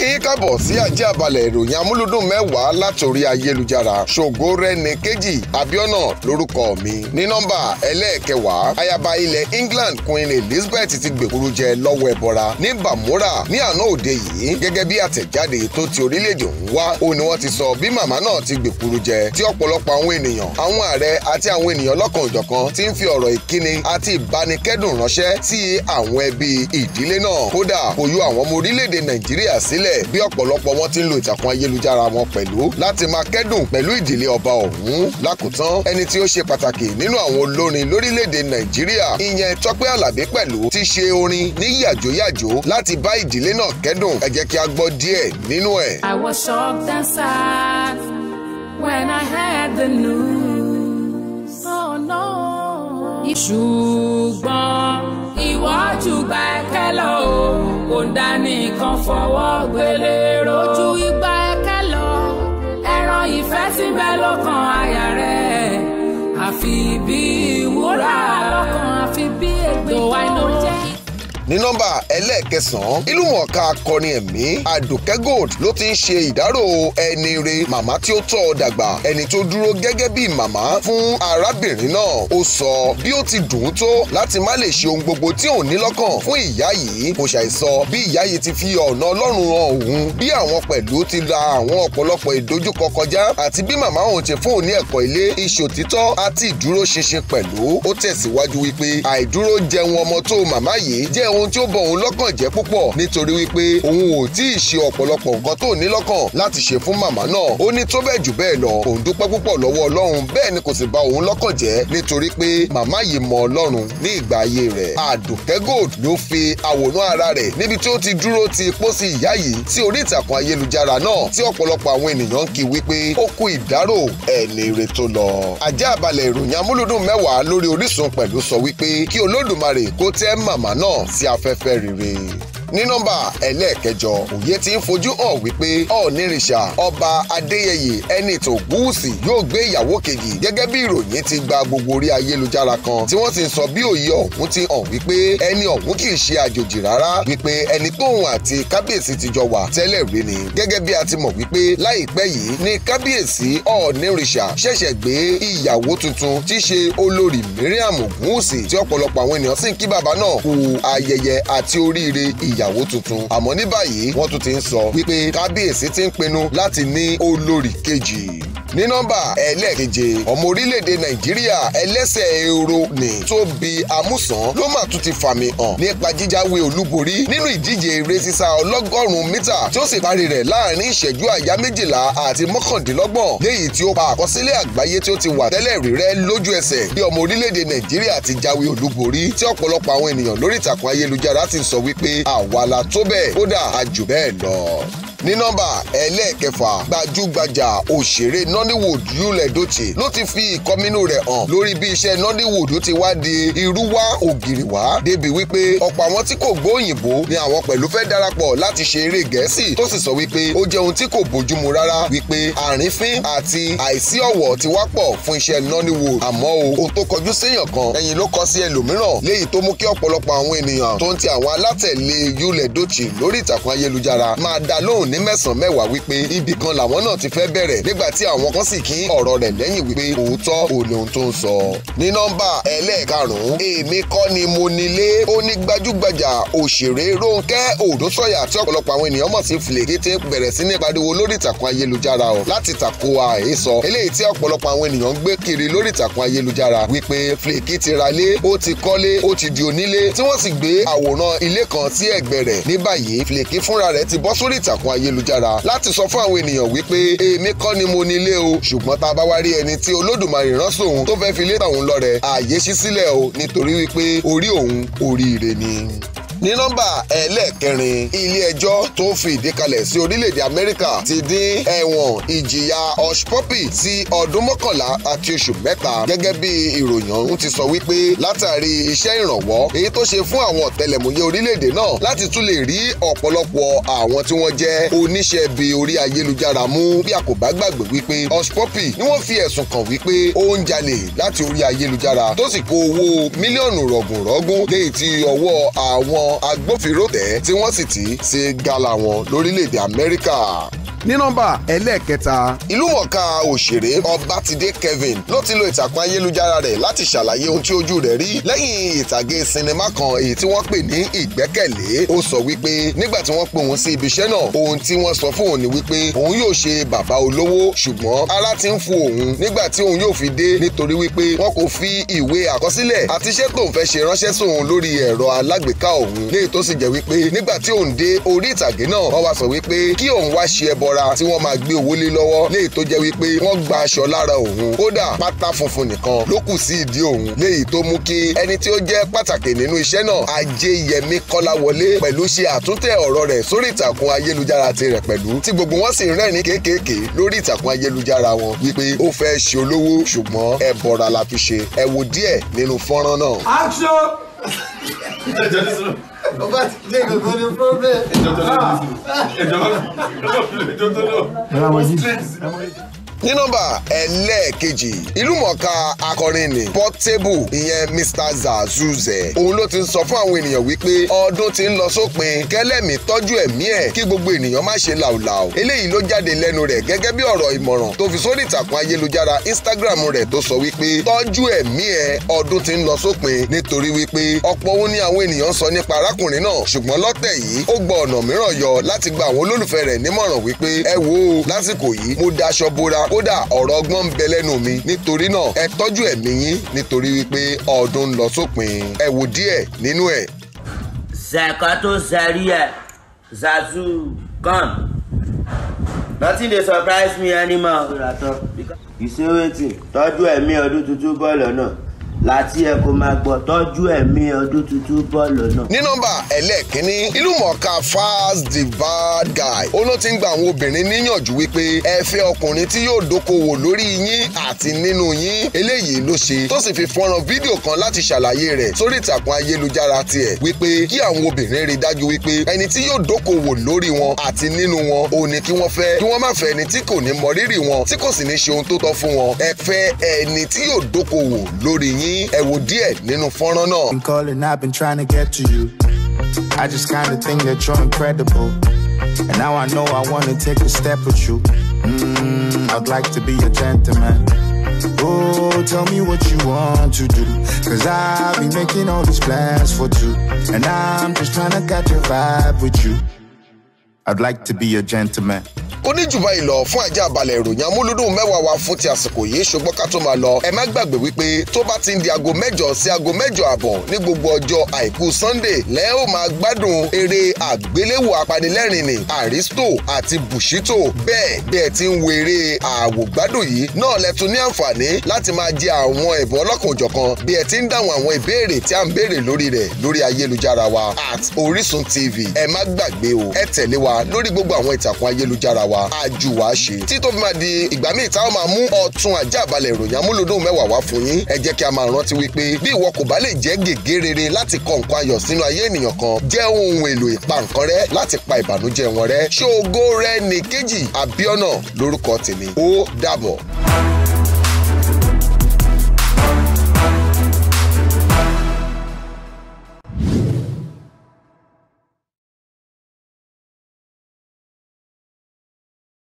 kí kábọ̀ sí ajé àbálẹ̀ ìròyìn amúlùdùn mẹ́wàá látòrí ayélujára ṣògo rẹni kejì abiona lórúkọ mi ní nọ́mbà ẹlẹ́ẹ̀kẹwàá ayaba ilẹ̀ England Queen Elizabeth ti gbèkúrú jẹ lọ́wọ́ ẹbọra ní bàmúrà ní àná òde yìí gẹ́gẹ́ bí àtẹ̀jáde tó ti orílẹ̀-èdè ń wá ó ní wọ́n ti sọ bí màmá náà ti gbèkúrú jẹ tí ọ̀pọ̀lọpọ̀ àwọn ènìyàn àwọn ààrẹ àti àwọn ènìyàn lọ́kan òjọ̀kan ti ń fi ọ̀rọ̀ ìkíni àti ìbánikẹ́dùn ránṣẹ́ sí àwọn ẹbí ìdílé náà kódà kò yọ àwọn ọmọ orílẹ̀-èdè Nàìjíríà sílẹ̀ bẹ́ẹ̀ bí ọ̀pọ̀lọpọ̀ wọn ti ń lo ìtàkùn ayélujára wọn pẹ̀lú láti máa kẹ́dùn pẹ̀lú ìdílé ọba ọ̀hún lákòótán ẹni tí ó ṣe pàtàkì nínú àwọn olórin lórílẹ̀‐èdè nàìjíríà ìyẹn tọ́pẹ́ àlàbí pẹ̀lú ti ṣe orin ní yàjóyàjó láti bá ìdílé náà kẹ́dùn ẹ jẹ́ kí a gbọ́ díẹ̀ nínú ẹ̀. I was shocked and sad when I heard the news. Oh no. ṣùgbọ́n ìwọ́jú gba ẹ̀kẹ́ lọ o kò ń dání kan fọwọ́ gbélé rojú igba ẹ̀kẹ́ lọ ẹran ìfẹ́ síbẹ̀ lọ́kàn àyà rẹ̀ àfi bí ìwúrà lọ́kàn àfi bí ègbè tó jẹ́. ní nọ́mbà ẹlẹ́ẹ̀kẹsàn-án ìlúmọ̀ọ́ká akọni ẹ̀mí àdùkẹ́ gold ló ti ń ṣe ìdárò ẹni re màmá tí ó tọ́ ọ dàgbà ẹni tó dúró gẹ́gẹ́ bí màmá fún arábìnrin náà ó sọ bí ó ti dùn ún tó láti má lè ṣe ohun gbogbo tí òun ní lọ́kàn fún ìyá yìí kò ṣàìsọ bí ìyá yìí ti fi ọ̀nà ọlọ́run hàn òun bí àwọn pẹ̀lú ti la àwọn ọ̀pọ̀lọpọ̀ ìdojúkọ kọjá àti bí màmá òun ti fún òun ní ẹ̀kọ́ ilé ìṣòtítọ́ àti ìdúróṣinṣin pẹ̀lú ó tẹ̀síwájú wípé àìdúró jẹun ọmọ tó lọ́kàn jẹ́ púpọ̀ nítorí wípé òun ò tí ì ṣe ọ̀pọ̀lọpọ̀ nǹkan tó ní lọ́kàn láti ṣe fún màmá náà ó ní tó bẹ́ẹ̀ jù bẹ́ẹ̀ lọ òun dúpẹ́ púpọ̀ lọ́wọ́ ọlọ́run bẹ́ẹ̀ ni kò sì bà òun lọ́kàn jẹ́ nítorí pé màmá yìí mọ ọlọ́run ní ìgbà ayé rẹ̀ àdùkẹ́ gold ló fi àwòrán ara rẹ̀ níbi tí ó ti dúró ti pósí ìyá yìí sí orí ìtàkùn ayélujára náà tí ọ̀pọ̀lọpọ̀ àwọn ènìyàn ń kí wípé ó kú ìdárò ẹni ire tó lọ. àjẹ́ àbálẹ̀ ìròyìn amúlùdùn mẹ́wàá lórí Orísun pẹ̀lú sọ wípé kí Olódùmarè kó tẹ́ màmá náà sí afẹ́fẹ́ rere be ní nọ́mbà ẹlẹ́ẹ̀kẹjọ òye ti ń fojú hàn wípé ọ̀nìrìṣà ọba adéyẹyè ẹni tó gúúsì yóò gbé ìyàwó kejì gẹ́gẹ́ bí ìròyìn ti gba gbogbo orí ayélujára kan tí wọ́n sì sọ bí òye ọ̀hún ti hàn wípé ẹni ọ̀hún kì í ṣe àjòjì rárá wípé ẹni tóun àti kábíyèsí ti jọ wà tẹ́lẹ̀ rí ni gẹ́gẹ́ bí a ti mọ̀ wípé láìpẹ́ yìí ni kábíyèsí ọ̀nìrìṣà ṣẹ̀ṣẹ̀ gbé ìyàwó tuntun tí ṣe olórí miriam gúúsì tí ọ̀pọ̀lọpọ̀ àwọn ènìyàn sì ń kí bàbá náà kú ìyàwó tuntun àmọ́ ní báyìí wọ́n tún ti ń sọ wípé kábíyèsí ti ń pinnu láti ní olórí kejì ní nọ́mbà ẹlẹ́ẹ̀keje ọmọ orílẹ̀-èdè nàìjíríà ẹlẹ́sẹ̀ ehoro ní tóbi amúsàn ló mà tún ti fàmì hàn nípa jíjáwé olúborí nínú ìdíje eré sísá ọlọ́gọ́rùn-ún mítà tí ó sì parí rẹ̀ láàrin ìṣẹ́jú àyá méjìlá àti mọ́kàndínlọ́gbọ̀n léyìí tí ó pa àkọsílẹ̀ àgbáyé tí ó ti wà tẹ́lẹ̀ rí rẹ́ lójú ẹsẹ̀ bí ọmọ orílẹ̀-èdè nàìjíríà ti jáwé olúborí tí ọ̀pọ̀lọpọ̀ àwọn ènìyàn lórí ìtàkùn ayélujára ti ń sọ wípé àwa la tó bẹ́ẹ̀ kódà a bẹ́ẹ̀ lọ ní nọ́mbà ẹlẹ́ẹ̀kẹfà gbajúgbajà òṣèré Nollywood Yul Edochie ló ti fi ìkọminú rẹ̀ hàn lórí bí iṣẹ́ Nollywood ti wá di irú wá ògiri wá débi wípé ọ̀pọ̀ àwọn tí kò gbóyìnbó ni àwọn pẹ̀lú fẹ́ darapọ̀ láti ṣe eré gẹ̀ẹ́sì tó sì sọ wípé ó jẹ́ ohun tí kò bójúmu rárá wípé àrífín àti àìsí ọ̀wọ̀ ti wá pọ̀ fún iṣẹ́ Nollywood àmọ́ o ohun tó kọjú séèyàn kan ẹ̀yìn ló kọ sí ẹlòmíràn léyìí tó mú kí ọ̀pọ̀lọpọ̀ àwọn ènìyàn tó ń ti àwọn alátẹ̀lé Yul Edochie lórí ìtàkùn ayélujára máa dá lóhùn ní mẹ́sàn-án mẹ́wàá wípé ibì kan làwọn náà ti fẹ́ bẹ̀rẹ̀ nígbà tí àwọn kan sì kí ọ̀rọ̀ rẹ̀ lẹ́yìn wípé òótọ́ òní ohun tó ń sọ. ní nọ́mbà ẹlẹ́ẹ̀karùn-ún èmi kọ́ ni mo nílé ó ní gbajúgbajà òṣèré Rónkẹ́ Òdósọ̀yà tí ọ̀pọ̀lọpọ̀ àwọn ènìyàn mọ̀ sí Flèkí ti bẹ̀rẹ̀ sí ní pariwo lórí ìtàkùn ayélujára o láti tako àhesọ eléyìí tí ọ̀pọ̀lọpọ̀ àwọn ènìyàn ń gbé kiri lórí ìtàkùn ayélujára wípé Flèkí ti ralé ó ti kọ́lé ó ti di onílé tí wọ́n sì gbé àwòrán ilé kan sí ẹ̀gbẹ́ rẹ̀ ní báyìí Flèkí fúnra ti bọ́ sórí ìtàkùn ayélujára láti sọ fún àwọn ènìyàn wípé èmi kọ́ ni mo nílé o ṣùgbọ́n tá a bá wá rí ẹni tí olódùmarè rán sóun tó fẹ́ fi lé tàwọn lọ́rẹ̀ ààyè ṣí sílẹ̀ o nítorí wípé orí òun oríire ni ní nọ́mbà ẹlẹ́ẹ̀kẹrin ilé ẹjọ́ tó fi ìdí kalẹ̀ sí orílẹ̀-èdè Amẹ́ríkà ti dín ẹ̀wọ̀n ìjìyà Hush Puppy sí ọdún mọ́kànlá àti oṣù mẹ́ta gẹ́gẹ́ bí ìròyìn ọ̀hún ti sọ wípé látàrí iṣẹ́ ìrànwọ́ èyí tó ṣe fún àwọn ọ̀tẹlẹ̀múyẹ́ orílẹ̀-èdè náà láti tún lè rí ọ̀pọ̀lọpọ̀ àwọn tí wọ́n jẹ́ oníṣẹ́ ibi orí ayélujára mú bí a kò bá gbàgbé wípé Hush Puppy ni wọ́n fi ẹ̀sùn kàn wípé ó ń jalè láti orí ayélujára tó sì kó owó mílíọ̀nù rọ̀gùnrọ̀gùn léyìí tí ọwọ́ àwọn agbófinró tẹ̀ tí wọ́n sì ti ṣe gala wọn lórílẹ̀‐èdè Amẹ́ríkà ní nọ́mbà ẹlẹ́ẹ̀kẹta. ìlúmọ̀ọ́ká òṣèré ọbátidé kevin ló ti lo ìtàkùn ayélujára rẹ̀ láti ṣàlàyé ohun tí ojú rẹ̀ rí lẹ́yìn ìtàgé sinimá kan èyí tí wọ́n pè ní ìgbẹ́kẹ̀lé ó sọ wípé nígbà tí wọ́n pè wọ́n sí ibiṣẹ́ náà ohun tí wọ́n sọ fún òun ni wípé òun yóò ṣe bàbá olówó ṣùgbọ́n ara ti ń fu òun nígbà tí òun yóò fi dé nítorí wípé wọn kò fi ìwé àkọsílẹ̀ àti iṣẹ́ tóun fẹ́ ṣe ránṣẹ́ sóun lórí ẹ̀rọ alágbèéká òun ni léyìí tó sì jẹ́ wípé nígbà tí òun dé orí ìtàgé náà wọ́n wá sọ wípé kí òun wá ṣe ẹbọra tí wọ́n máa gbé owó lé lọ́wọ́ léyìí tó jẹ́ wípé wọ́n gba aṣọ lára òun kódà pátá funfun nìkan ló kù sí ìdí òun léyìí tó mú kí ẹni tí ó jẹ́ pàtàkì nínú iṣẹ́ náà Ajéyẹmí Kọ́láwọlé pẹ̀lú ṣe àtúntẹ̀ ọ̀rọ̀ rẹ̀ sórí ìtàkùn ayélujára tirẹ̀ pẹ̀lú tí gbogbo wọn sì rẹ́rìn kéékèèké lórí ìtàkùn ayélujára wọn wípé ó fẹ́ ṣe olówó ṣùgbọ́n ẹbọra la fi ṣe ẹ wo díẹ̀ nínú fọ́nrán náà. action. Et Oh ah. but Et je there. le dit... ní nọ́mbà ẹlẹ́ẹ̀kejì ìlúmọ̀ọ́ká akọrin ni Portable ìyẹn Mr Zazuze òun ló ti ń sọ fún àwọn ènìyàn wípé ọdún ti ń lọ sópin kẹlẹ́mì tọ́jú ẹ̀mí ẹ̀ kí gbogbo ènìyàn má ṣe làwùlàwù eléyìí ló jáde lẹ́nu rẹ̀ gẹ́gẹ́ bí ọ̀rọ̀ ìmọ̀ràn tó fi sórí ìtàkùn ayélujára Instagram rẹ̀ tó sọ wípé tọ́jú ẹ̀mí ẹ̀ ọdún ti ń lọ sópin nítorí wípé ọ̀pọ̀ ohun ni àwọn ènìyàn sọ nípa arákùnrin náà ṣùgbọ́n lọ́tẹ̀ yìí ó gba ọ̀nà mìíràn yọ láti gba àwọn olólùfẹ́ rẹ̀ nímọ̀ràn wípé ẹ wo lásìkò yìí mo daṣọ bora kódà ọ̀rọ̀ ọgbọ́n ń bẹ lẹ́nu mi nítorí náà ẹ tọ́jú ẹ̀mí yín nítorí wípé ọdún ń lọ sópin ẹ wò díẹ̀ nínú ẹ̀. zakato zaria zazu come nothing dey surprise me anymore. you say wetin tọ́jú ẹ̀mí ọdún tuntun bọ́ọ̀lù náà láti ẹ kó máa gbọ́ tọ́jú ẹ̀mí ọdún tuntun bọ́ọ̀lù náà. ní nọ́mbà ẹlẹ́ẹ̀kínní ìlúmọ̀ọ́ká fast the bad guy ó ló ti ń gba àwọn obìnrin níyànjú wípé ẹ fẹ́ ọkùnrin tí yóò dókòwò lórí yín àti nínú yín eléyìí ló ṣe tó sì fi fọ́nrán fídíò kan láti ṣàlàyé rẹ̀ sórí ìtàkùn ayélujára tiẹ̀ wípé kí àwọn obìnrin rí dájú wípé ẹni tí yóò dókòwò lórí wọn àti nínú wọn ò ní kí wọ́n fẹ́ kí wọ́n má fẹ́ ẹni tí kò ní mọ rírì wọn tí kò sì ní ṣe ohun tó tọ́ fún wọn ẹ fẹ́ ẹni tí yóò dókòwò lórí yín yín ẹ wò díẹ̀ nínú fọ́nrán náà. I'm calling, I've been trying to get to you. I just kinda think that you're incredible. And now I know I wanna take a step with you. Mm, I'd like to be a gentleman. Oh, tell me what you want to do. Cause I'll be making all these plans for two. And I'm just trying to catch a vibe with you. I'd like to be a gentleman. kò ní jù báyìí lọ fún ajá balẹ̀ ìròyìn amúlùdùn mẹ́wàá wa fún ti àsìkò yìí ṣùgbọ́n ká tó máa lọ ẹ má gbàgbé wípé tó bá ti ń di aago mẹ́jọ sí aago mẹ́jọ àbọ̀ ní gbogbo ọjọ́ àìkú Sunday lẹ́ ó máa gbádùn eré àgbéléwò apanilẹ́rìn ni Aristo àti Bushito bẹ́ẹ̀ bí ẹ ti ń wo eré àwògbádùn yìí náà lẹ tún ní àǹfààní láti máa jẹ àwọn ẹ̀bùn ọlọ́kan-ò-jọ̀kan bí ẹ ti ń dáhùn àwọn ìbéèrè tí à ń béèrè lórí rẹ̀ lórí ayélujára wa at Orisun TV ẹ má gbàgbé o ẹ tẹ̀lé wa lórí gbogbo àwọn ìtàkùn ayélujára wa ajú ṣe tí tó fi máa di ìgbà míì tá máa mú ọ̀tun àjàbalẹ̀ ìròyìn amúlòdùn mẹ́wàá wá fún yín ẹ jẹ́ kí a máa rántí wípé bí ìwọ kò bá lè jẹ́ gègé rere láti kọ nǹkan ayọ̀ sínú ayé ènìyàn kan jẹ́ ohun èlò ìpa nǹkan rẹ láti pa ìbànújẹ́ wọn rẹ ṣé ògo rẹ nìkejì Àbíọ́nà lórúkọ tèmi ó dàbọ̀.